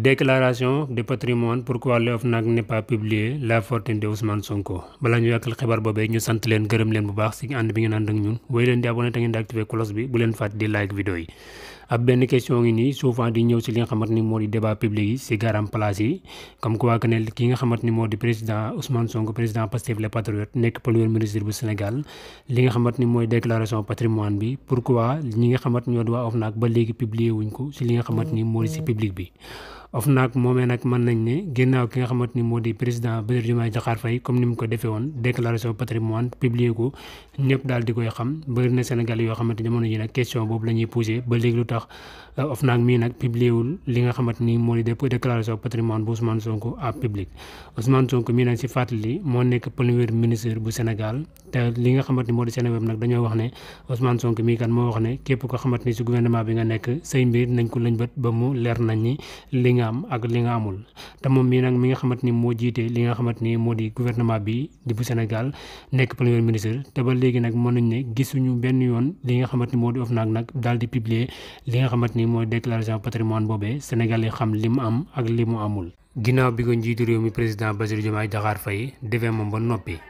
déclaration de patrimoine pourquoi l'OFNAC n'est pas publié la fortune de Ousmane Sonko bala ñu yàkkal xibar bobé ñu sant leen gërëm leen bu baax ci and bi ngeen and ak ñun way leen di abonné te ngeen di cloche bi bu leen fàtte di like vidéo yi ab benn question ngi ni souvent di ñëw ci li nga xamante ni moo di débat public yi si garam place yi comme quoi que ne ki nga xamante ni moo di président Ousmane Sonko président Pastef les Patriotes nekk premier ministre bu Sénégal li nga xamante ni mooy déclaration patrimoine bi pourquoi ñi nga xamante ñoo di waa OFNAC ba léegi publié wuñ ko si li nga xamante ni moo di si public bi OFNAC moomee nag mën nañ ne ginnaaw ki nga xamante ni moo di président Bassirou Diomaye Diakhar Faye comme ni mu ko defee woon déclaration patrimoine publié ko ñëpp xam bëri na Sénégal yoo xamante ni jamono ji nag question boobu uh, mii nag publié li nga xamante ni moo di déclaration patrimoine bu Ousmane Sonko à public Ousmane Sonko mii nag si fàttali moo nekk premier ministre bu Sénégal te li nga xamante ni moo di Sénégal nag dañoo wax ne Ousmane Sonko mii kan moo wax ne képp ko xamante ni si gouvernement bi nga nekk say mbir nañ ko lëñbët ba mu leer nañ ni nga am ak li nga amul te moom nag mi nga xamante ni moo jiite li nga xamante ni moo di gouvernement bi di bu Sénégal nekk premier ministre te ba léegi nag mën nañ ne gisuñu benn yoon li nga xamante ni moo di OFNAC nag daal di publier li nga xamante ni mooy déclaration patrimoine boobee Sénégal yi xam li mu am ak li mu amul. ginnaaw bi ko njiitu réew mi président Bassirou Diomaye Diakhar Faye defee moom ba noppi.